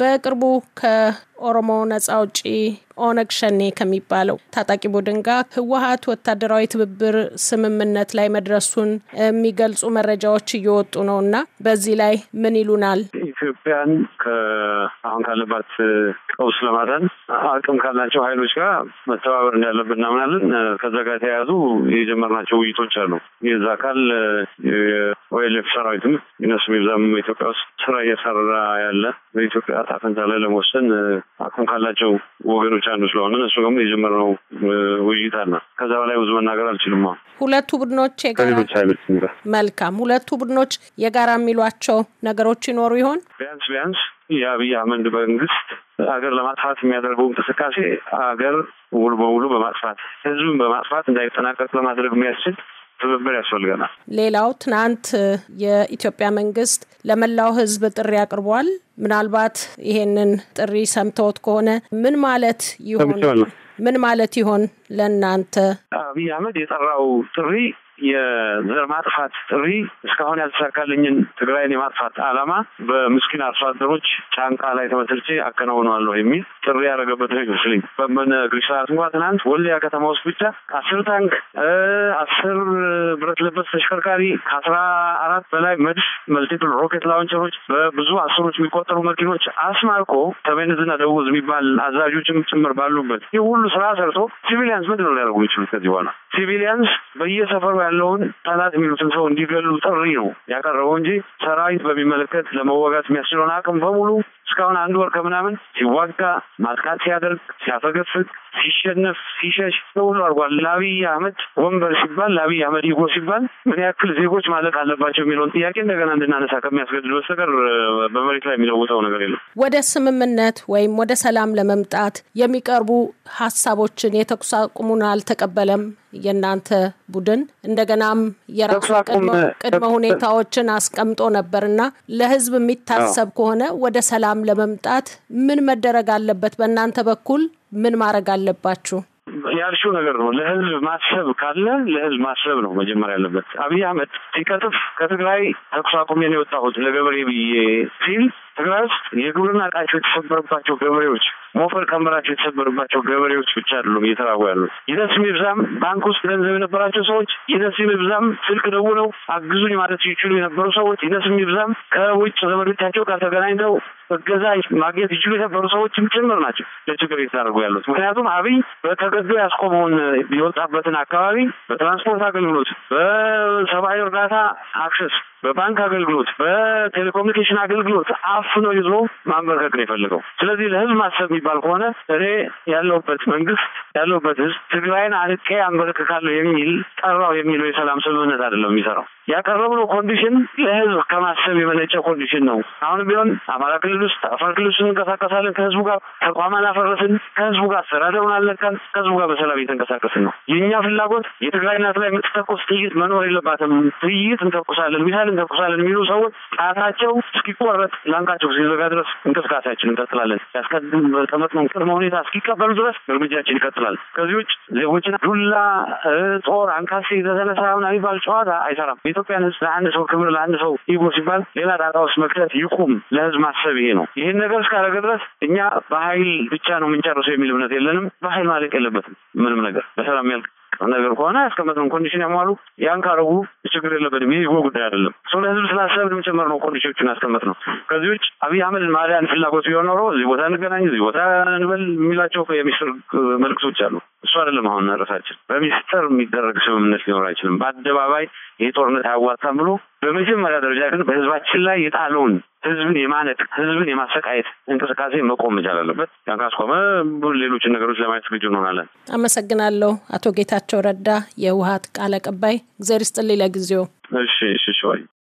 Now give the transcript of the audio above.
በቅርቡ ከኦሮሞ ነጻ አውጪ ኦነግ ሸኔ ከሚባለው ታጣቂ ቡድን ጋር ህወሀት ወታደራዊ ትብብር ስምምነት ላይ መድረሱን የሚገልጹ መረጃዎች እየወጡ ነው እና በዚህ ላይ ምን ይሉናል? ኢትዮጵያን ከአሁን ካለባት ቀውስ ለማዳን አቅም ካላቸው ሀይሎች ጋር መተባበር እንዳለብን እናምናለን። ከዛ ጋር የተያያዙ የጀመርናቸው ውይይቶች አሉ። የዛ አካል የወይልፍ ሰራዊትም ይነሱ ይብዛም ኢትዮጵያ ውስጥ ስራ እየሰራ ያለ በኢትዮጵያ ዕጣ ፈንታ ላይ ለመወሰን አቅም ካላቸው ወገኖች አንዱ ስለሆነ እነሱ ደግሞ የጀመርነው ውይይት አለ። ከዛ በላይ ብዙ መናገር አልችልም። ሁለቱ ቡድኖች መልካም፣ ሁለቱ ቡድኖች የጋራ የሚሏቸው ነገሮች ይኖሩ ይሆን? ቢያንስ ቢያንስ የአብይ አህመድ መንግስት አገር ለማጥፋት የሚያደርገው እንቅስቃሴ አገር ውሉ በውሉ በማጥፋት ህዝብን በማጥፋት እንዳይጠናቀቅ ለማድረግ የሚያስችል ትብብር ያስፈልገናል። ሌላው ትናንት የኢትዮጵያ መንግስት ለመላው ህዝብ ጥሪ አቅርቧል። ምናልባት ይሄንን ጥሪ ሰምተውት ከሆነ ምን ማለት ይሆን? ምን ማለት ይሆን? ለእናንተ አብይ አህመድ የጠራው ጥሪ የዘር ማጥፋት ጥሪ እስካሁን ያልተሳካልኝን ትግራይን የማጥፋት አላማ በምስኪን አርሶ አደሮች ጫንቃ ላይ ተመስርቼ አከናውነዋለሁ የሚል ጥሪ ያደረገበት ነው ይመስልኝ። በመነግሪሽ ሰዓት እንኳ ትናንት ወልዲያ ከተማ ውስጥ ብቻ አስር ታንክ፣ አስር ብረት ለበስ ተሽከርካሪ፣ ከአስራ አራት በላይ መድፍ፣ መልቲፕል ሮኬት ላውንቸሮች፣ በብዙ አስሮች የሚቆጠሩ መኪኖች አስማርኮ ሰሜን ዕዝና ደቡብ የሚባል አዛዦችም ጭምር ባሉበት ይህ ሁሉ ስራ ሰርቶ ሲቪሊያንስ ምንድነው ሊያደርጉ ይችሉት? ከዚህ በኋላ ሲቪሊያንስ በየሰፈሩ ያለውን ጠላት የሚሉትን ሰው እንዲገሉ ጥሪ ነው ያቀረበው እንጂ ሰራዊት በሚመለከት ለመዋጋት የሚያስችለውን አቅም በሙሉ እስካሁን አንድ ወር ከምናምን ሲዋጋ ማጥቃት ሲያደርግ ሲያፈገፍግ ሲሸነፍ ሲሸሽ ሁሉ አድርጓል። ለአብይ አህመድ ወንበር ሲባል ለአብይ አህመድ ይጎ ሲባል ምን ያክል ዜጎች ማለቅ አለባቸው የሚለውን ጥያቄ እንደገና እንድናነሳ ከሚያስገድድ በስተቀር በመሬት ላይ የሚለውጠው ነገር የለም። ወደ ስምምነት ወይም ወደ ሰላም ለመምጣት የሚቀርቡ ሀሳቦችን የተኩስ አቁሙን አልተቀበለም የእናንተ ቡድን እንደገናም የራሱ ቅድመ ሁኔታዎችን አስቀምጦ ነበርና ለህዝብ የሚታሰብ ከሆነ ወደ ሰላም ሰላም ለመምጣት ምን መደረግ አለበት? በእናንተ በኩል ምን ማድረግ አለባችሁ? ያልሺው ነገር ነው። ለህዝብ ማሰብ ካለ ለህዝብ ማሰብ ነው መጀመሪያ ያለበት። አብይ አህመድ ሲቀጥፍ ከትግራይ ተኩስ አቁሜ ነው የወጣሁት ለገበሬ ብዬ ሲል ትግራይ ውስጥ የግብርና እቃቸው የተሰበረባቸው ገበሬዎች፣ ሞፈር ቀንበራቸው የተሰበረባቸው ገበሬዎች ብቻ አይደሉም እየተራቡ ያሉት። ይነስም ይብዛም ባንክ ውስጥ ገንዘብ የነበራቸው ሰዎች፣ ይነስም ይብዛም ስልክ ደውለው አግዙኝ ማለት ይችሉ የነበሩ ሰዎች፣ ይነስም ይብዛም ከውጭ ዘመዶቻቸው ጋር ተገናኝተው እገዛ ማግኘት ይችሉ የነበሩ ሰዎችም ጭምር ናቸው ለችግር እየተዳረጉ ያሉት። ምክንያቱም አብይ በተገዶ ያስቆመውን የወጣበትን አካባቢ በትራንስፖርት አገልግሎት፣ በሰብአዊ እርዳታ አክሰስ በባንክ አገልግሎት፣ በቴሌኮሙኒኬሽን አገልግሎት አፍኖ ይዞ ማንበርከክ ነው የፈለገው። ስለዚህ ለህዝብ ማሰብ የሚባል ከሆነ እኔ ያለሁበት መንግስት ያለሁበት ህዝብ ትግራይን አርቄ አንበረክካለሁ የሚል ጠራው የሚለው የሰላም ስምምነት አይደለም የሚሰራው። ያቀረብነው ኮንዲሽን ለህዝብ ከማሰብ የመነጨ ኮንዲሽን ነው። አሁን ቢሆን አማራ ክልል ውስጥ፣ አፋር ክልል ውስጥ እንንቀሳቀሳለን። ከህዝቡ ጋር ተቋማን አፈረስን፣ ከህዝቡ ጋር አስተዳደሩን አለካን፣ ከህዝቡ ጋር በሰላም እየተንቀሳቀስን ነው። የእኛ ፍላጎት የትግራይ እናት ላይ የምትተኮስ ጥይት መኖር የለባትም። ጥይት እንተኩሳለን ሚሳል እንተኩሳለን የሚሉ ሰዎች ጣታቸው እስኪቆረጥ ላንቃቸው እስኪዘጋ ድረስ እንቅስቃሴያችን እንቀጥላለን። ያስቀመጥነውን ቅድመ ሁኔታ እስኪቀበሉ ድረስ እርምጃችን ይቀጥላል። ከዚህ ውጭ ዜጎችን ዱላ፣ ጦር፣ አንካሴ ተተነሳ ምናምን የሚባል ጨዋታ አይሰራም። የኢትዮጵያን ሕዝብ ለአንድ ሰው ክብር ለአንድ ሰው ኢጎ ሲባል ሌላ ጣጣ ውስጥ መክተት ይቁም። ለሕዝብ ማሰብ ይሄ ነው። ይህን ነገር እስካደረገ ድረስ እኛ በኃይል ብቻ ነው የምንጨርሰው የሚል እምነት የለንም። በሀይል ማለቅ የለበትም ምንም ነገር በሰላም ያልቅ ነገር ከሆነ ያስቀመጥነው ኮንዲሽን ያሟሉ። ያን ካረጉ ችግር የለበትም። ይህ ህዝቦ ጉዳይ አይደለም። ሰው ለህዝብ ስላሰብን ጭምር ነው ኮንዲሽኖችን ያስቀመጥነው። ከዚህ ውጭ አብይ አህመድ ማሊያን ፍላጎት ቢሆን ኖሮ እዚህ ቦታ እንገናኝ፣ እዚህ ቦታ እንበል የሚላቸው የሚስር መልዕክቶች አሉ። እሱ አይደለም አሁን ርዕሳችን። በሚስጥር የሚደረግ ስምምነት ሊኖር አይችልም። በአደባባይ ይህ ጦርነት አያዋጣም ብሎ በመጀመሪያ ደረጃ ግን በህዝባችን ላይ የጣለውን ህዝብን የማነቅ ህዝብን የማሰቃየት እንቅስቃሴ መቆም መቻል አለበት። ያን ካስቆመ ሌሎችን ነገሮች ለማየት ዝግጁ እንሆናለን። አመሰግናለሁ። አቶ ጌታቸው ረዳ የህወሓት ቃል አቀባይ። እግዚአብሔር ይስጥልኝ ለጊዜው። እሺ እሺ።